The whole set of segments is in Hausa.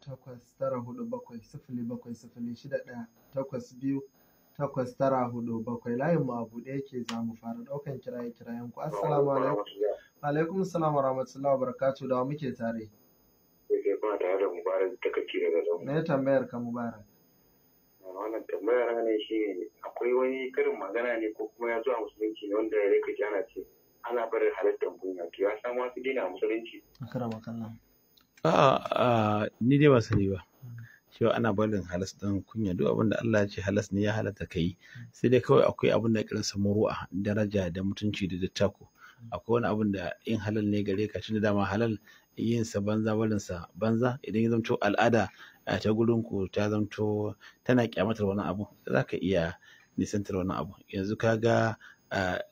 takwas tara hudu bakwai sifili bakwai sifili shida ɗaya takwas biyu takwas tara hudu bakwai layin mu a buɗe yake za mu fara ɗaukan kiraye kirayen ku assalamu alaikum alaikum assalam wa rahmatullahi wa barakatuh da wa muke tare kuke kuma tare da mubarak ta kake daga zama me tambayar ka mubarak wannan tambayar ne shi akwai wani karin magana ne ko kuma ya zuwa musulunci ne wanda ya rika ji ana ce ana barin halittar duniya to ya samu wasu dina musulunci akrama kallan A'a, ni dai ba sani ba. Cewa ana barin halas ɗin kunya duk abin da Allah ya ce halas ne ya halatta ka yi. Sai dai kawai akwai abin da kiransa muru'a, daraja da mutunci da dattako. Akwai wani abin da in halal ne gare ka da dama halal yin sa banza barin sa banza idan ya zamto al'ada ta gurin ku ta zamto tana kyamatar wani abu za ka iya nisantar wani abu yanzu ka ga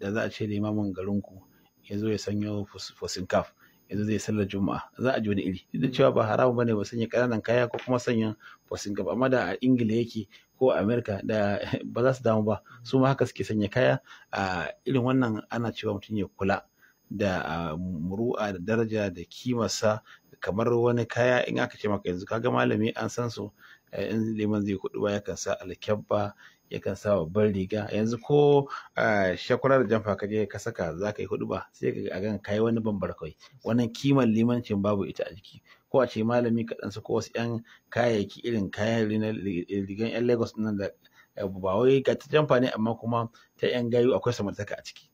da za a ce limamin garin ku ya zo ya sanyo fosin kaf. yanzu zai sallar juma'a za a ji wani iri duk cewa ba haramu bane ba sanya ƙananan kaya ko kuma sanya fasinga ba amma da a ingila yake ko a amerika da ba za su damu ba su ma haka suke sanya kaya a irin wannan ana cewa mutum ya kula da muru'a da daraja da kimarsa kamar wani kaya in aka ce maka yanzu kaga malami an san su eh, in liman zai kuɗi ba ya kan sa alkyabba yakan sa babban riga yanzu ko ah, shakwarar jamfa ka je ka saka za ka yi hudu ba sai ka ga yi wani bambar kawai wannan kimar limancin babu ita a jiki ko a ce malami kaɗan su ko wasu 'yan kayayyaki irin kayan rigan 'yan lagos nan da eh, ba wai ga ta jamfa ne amma kuma ta 'yan gayu akwai samartaka a ciki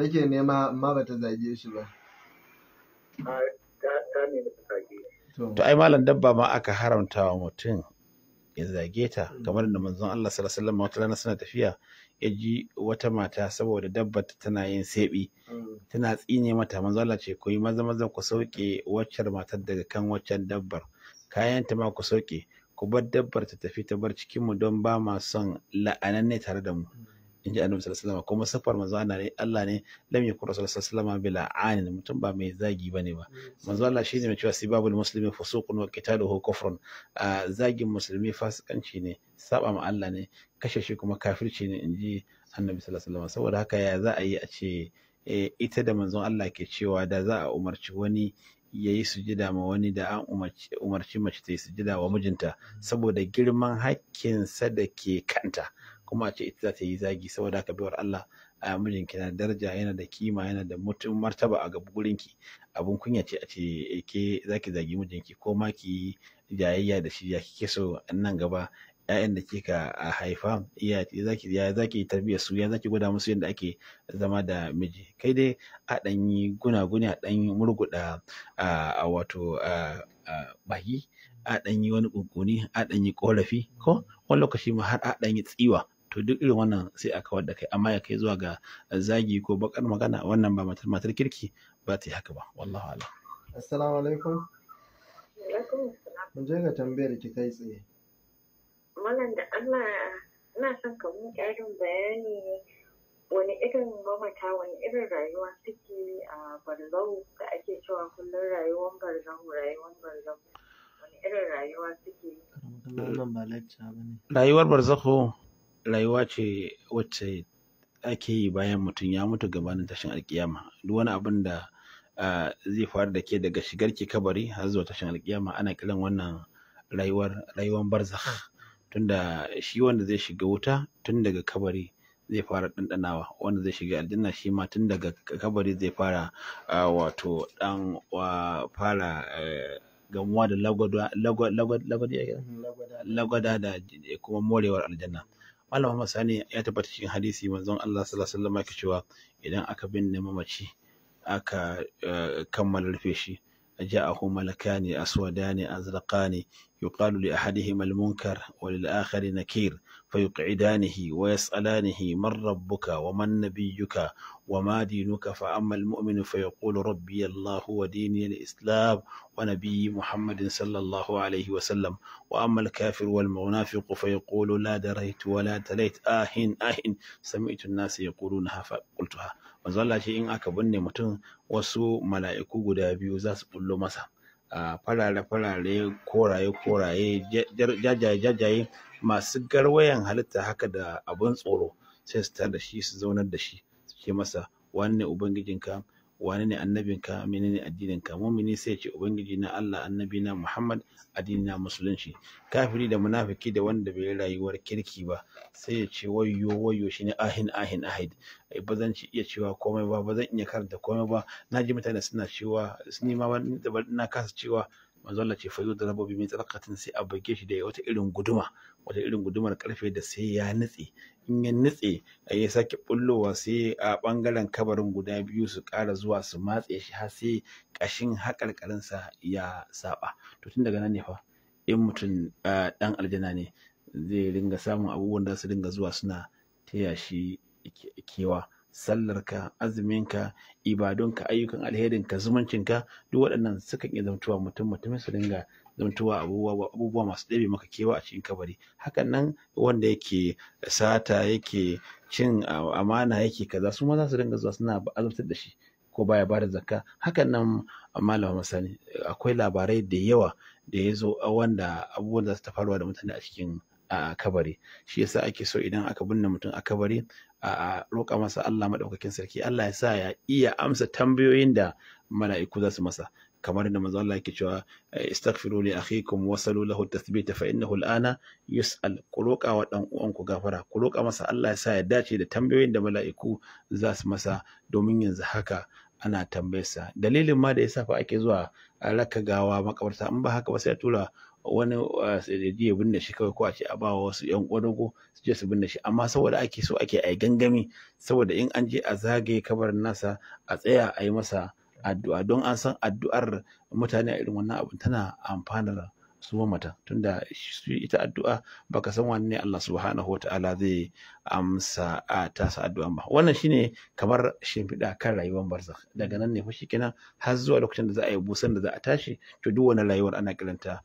take nema amma ba ta zage shi ba to ai malam dabba ma aka haramta wa mutum ya zage ta kamar da manzon Allah sallallahu alaihi wasallam wata rana suna tafiya ya ji wata mata saboda dabbar tana yin sebi mm. tana tsine mata manzon Allah ce ku yi maza maza ku sauke waccar matar daga kan waccan dabbar kayan ta ma ku sauke ku bar dabbar ta tafi ta bar cikin mu don ba ma son la'ananne tare da mu mm. in ji annabi sallallahu alaihi kuma siffar manzo Allah ne Allah ne lam yakun rasul sallallahu alaihi bila anin mutum ba mai zagi bane ba manzo Allah shine mai cewa sibabul muslimi fusuqun wa qitaluhu kufrun zagin musulmi fasikanci ne saba ma Allah ne kashe shi kuma kafirci ne in ji annabi sallallahu alaihi saboda haka ya za a yi a ce e, ita da manzon Allah ke cewa da za a umarci wani ya yi sujida ma wani da an umarci mace ta yi sujida wa mijinta saboda girman sa da ke kanta kuma a ce ita za ta yi zagi saboda haka baiwar Allah a mijinki na daraja yana da kima yana da mutum martaba a gaba gurinki abun kunya ce a ce ke zaki zagi mijinki ko ma ki jayayya da shi ya kike so nan gaba 'ya'yan da kika haifa iya zaki ya zaki tarbiya su ya zaki gwada musu yadda ake zama da miji kai dai a ɗan yi gunaguni a ɗan murguɗa a wato baki a ɗan yi wani ƙunƙuni a ɗan yi ƙorafi ko wani lokaci ma har a ɗan yi tsiwa to duk irin wannan sai a kawar da kai amma ya kai zuwa ga zagi ko bakar magana wannan ba matar matar kirki ba ta yi haka ba wallahu ala assalamu alaikum mun je ga tambayar ki kai tsaye malam da Allah ina son ka mun karin bayani wani irin mamata wani irin rayuwa suke a barzau da ake cewa kullum rayuwan barzau rayuwan barzau wani irin rayuwa suke rayuwar barzakho rayuwa ce wacce ake yi bayan mutum ya mutu gabanin tashin alkiyama duk wani abin da zai faru da ke daga shigar ki kabari har zuwa tashin alkiyama ana kiran wannan rayuwar rayuwar barzakh tunda shi wanda zai shiga wuta tun daga kabari zai fara ɗanɗanawa wanda zai shiga aljanna shi ma tun daga kabari zai fara wato ɗan fara e, gamuwa da lagwada da kuma morewar aljanna malama masani ya tabbata cikin hadisi manzon Allah sallallahu alaihi wasallam cewa idan aka binne mamaci aka eh, kammala rufe shi ja'ahu malakani aswadani azraqani يقال لأحدهما المنكر وللآخر نكير فيقعدانه ويسألانه من ربك ومن نبيك وما دينك فأما المؤمن فيقول ربي الله وديني الإسلام ونبي محمد صلى الله عليه وسلم وأما الكافر والمنافق فيقول لا دريت ولا تليت آهن آهن سمعت الناس يقولونها فقلتها وظل شيء أكبرني متن وسو ملائكو قدابي وزاس قلو مسا farare farare koraye koraye jajaye jajaye masu garwayan halitta haka da abun tsoro sai su tar da shi su zaunar da shi su ce masa ubangijin ubangijinka wane ne annabinka Mene ne addininka mumini sai ce ubangiji na Allah annabi na Muhammad addini na musulunci kafiri da munafiki da wanda bai rayuwar kirki ba sai ya ce wayyo wayyo shine ahin ahin ahid ai ba zan iya cewa komai ba ba zan iya karanta komai ba na ji mutane suna cewa ni ma na kasa cewa manzo Allah ce fa yudrabu bi mitraqatin sai a bage shi da wata irin guduma wata irin gudumar karfe da sai ya nutse in ya nutse ya sake bullowa sai a bangaren kabarin guda biyu su ƙara zuwa su matse shi har sai kashin haƙarƙarin sa ya saba to tun daga nan ne fa in mutum dan aljanna ne zai ringa samun abubuwan da su ringa zuwa suna taya shi kewa sallarka azuminka ibadunka ayyukan alherinka zumuncinka duk waɗannan sukan iya zamtuwa mutum mutumin su dinga zamtuwa abubuwa masu ɗabi maka kewa a cikin kabari hakan nan wanda yake sata yake cin amana yake kaza su ma za su dinga zuwa suna azabtar da shi ko baya bada zakka hakan nan malama masani akwai labarai da yawa da ya zo wanda abubuwan za su ta faruwa da mutane a cikin a kabari shi yasa ake so idan aka binne mutum a kabari a roƙa masa Allah maɗaukakin sarki Allah ya sa ya iya amsa tambayoyin da mala'iku za su masa kamar da manzo Allah yake cewa istaghfiru li akhikum wa salu lahu tathbita fa innahu al'ana yus'al ku roƙa wa dan uwanku gafara ku roƙa masa Allah ya sa ya dace da tambayoyin da mala'iku za su masa domin yanzu haka ana tambayarsa dalilin ma da yasa fa ake zuwa a raka gawa makabarta in ba haka ba sai a tura wani ah, sanadi ya binne shi kawai ko a ce a bawa wasu yan ƙwadago su je su binne shi amma saboda ake so ake ai gangami saboda in an je a zagaye kabarin nasa a tsaya a yi masa addu'a don an san addu'ar mutane a irin wannan abin tana amfanar su mata tunda ita addu'a baka san wanne Allah subhanahu wataala zai amsa a tasa addu'a ba wannan shine kamar shimfiɗa kan rayuwar barza daga nan ne fa shikenan har zuwa lokacin da za a yi busan da za a tashi to duk wani rayuwar ana kiranta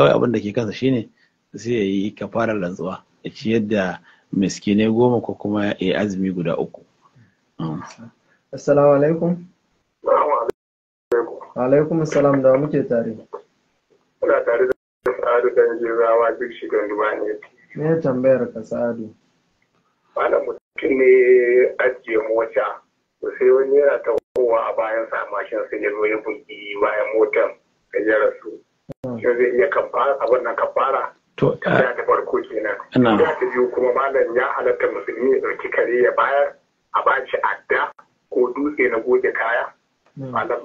kawai abin da ke kansa shine sai ya yi kafarar rantsuwa ya ci yadda miskinai goma ko kuma ya yi azumi guda uku mm. assalamu alaikum alaikum assalam da muke tare kuna tare da sa'adu dan jirawa duk shi don ruwa ne me tambayar ka sa'adu malam mutum ne ajiye mota sai wani yana tawowa a bayan sa mashin sai ya zo ya bugi bayan motan ya rasu da zai iya abin nan kafara to ya ta farko kenan ya ta biyu kuma malam ya halatta musulmi ya dauki kare ya bayar a bashi adda ko dutse na goge kaya hmm. malam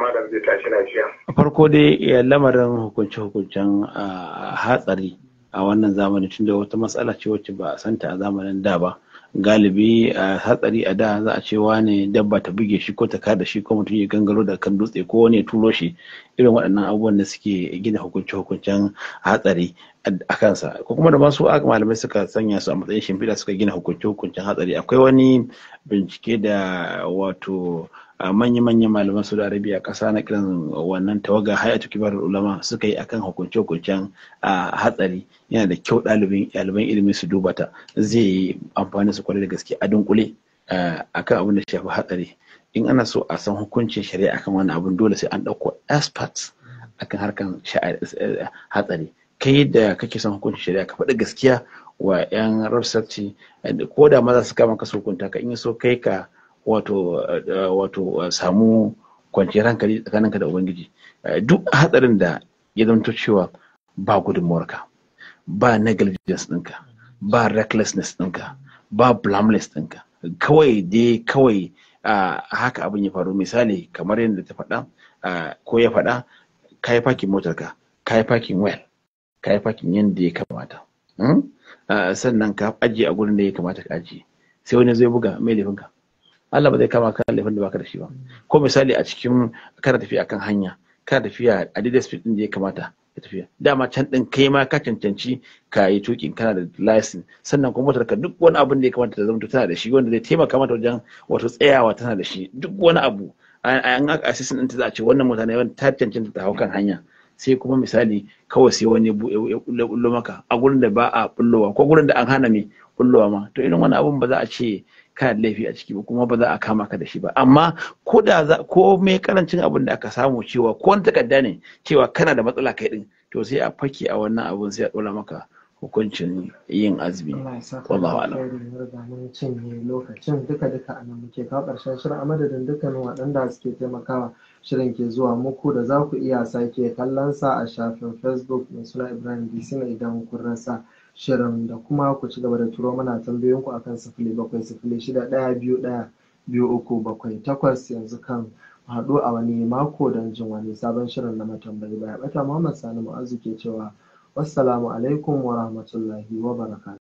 malam zai tashi lafiya farko dai eh, lamarin hukunce hukuncen ah, hatsari a wannan zamanin tunda wata matsala ce wacce ba a santa a zamanin da ba galibi a hatsari a da za a ce wane dabba ta buge shi ko ta kada shi ko mutum ya gangaro da kan dutse ko wani ya turo shi irin waɗannan abubuwan da suke gina hukunce hukuncen hatsari a kansa ko kuma da masu malamai suka sanya su a matsayin shimfiɗa suka gina hukunce hukuncen hatsari akwai wani bincike da wato manya-manyan malaman su arabiya kasa na kiran wannan tawaga hayatu kibar ulama suka yi akan hukunce-hukuncen hatsari yana da kyau ɗaliban ilimin su duba ta zai yi amfani su kwarai da gaske a dunkule a kan abin da shafi hatsari in ana so a san hukuncin shari'a akan wani abin dole sai an ɗauko experts akan harkan hatsari kai da kake son hukuncin shari'a ka faɗi gaskiya wa 'yan rafsarci ko da maza su kama ka hukunta ka in so kai ka wato eh, wato eh, samu kwanciyar hankali tsakaninka da ubangiji eh, duk hatsarin da ya zanto cewa ba gudunmuwarka ba negligence ɗinka ba recklessness ɗinka ba blameless ɗinka kawai dai kawai haka abin ya faru misali kamar yadda ta faɗa ko ya faɗa ka yi fakin motarka ka yi fakin well ka yi fakin yadda ya kamata hmm? sannan ka ajiye a gurin da ya kamata ka ajiye sai wani zai buga mai laifinka Allah ba zai kama ka laifin da baka da shi ba ko misali a cikin kana tafiya kan hanya kana tafiya a daidai speed din da ya kamata ka tafiya dama can din kai ma ka cancanci ka yi tukin kana da license sannan kuma motar ka duk wani abu da ya kamata ta zama tana da shi wanda zai taimaka mata wajen wato tsayawa tana da shi duk wani abu an aka assistant din ta za a ce wannan mota ne ta cancanta ta hau kan hanya sai kuma misali kawai sai wani ya bullo maka a gurin da ba a bullowa ko gurin da an hana me bullowa ma to irin wani abun ba za a ce kana da laifi a ciki ba kuma ba za a kama ka da shi ba amma ko da za ko me karancin abin da aka samu cewa ko wani takarda ne cewa kana da matsala kai din to sai a fake a wannan abun sai a dora maka hukuncin yin azumi wallahu a'lam lokacin duka duka anan muke ka karshen shirin a madadin dukkanin waɗanda suke taimakawa shirin ke zuwa muku da za ku iya sake kallon sa a shafin facebook mai suna ibrahim bisima idan kun rasa shirin da kuma ku ci gaba da turo mana tambayoyin ku akan sifili bakwai sifili shida ɗaya biyu ɗaya biyu uku bakwai takwas yanzu kan haɗu a wani mako don jin wani sabon shirin na matambayi baya ɓata Muhammad Sani Mu'azu ke cewa wassalamu alaikum wa rahmatullahi wa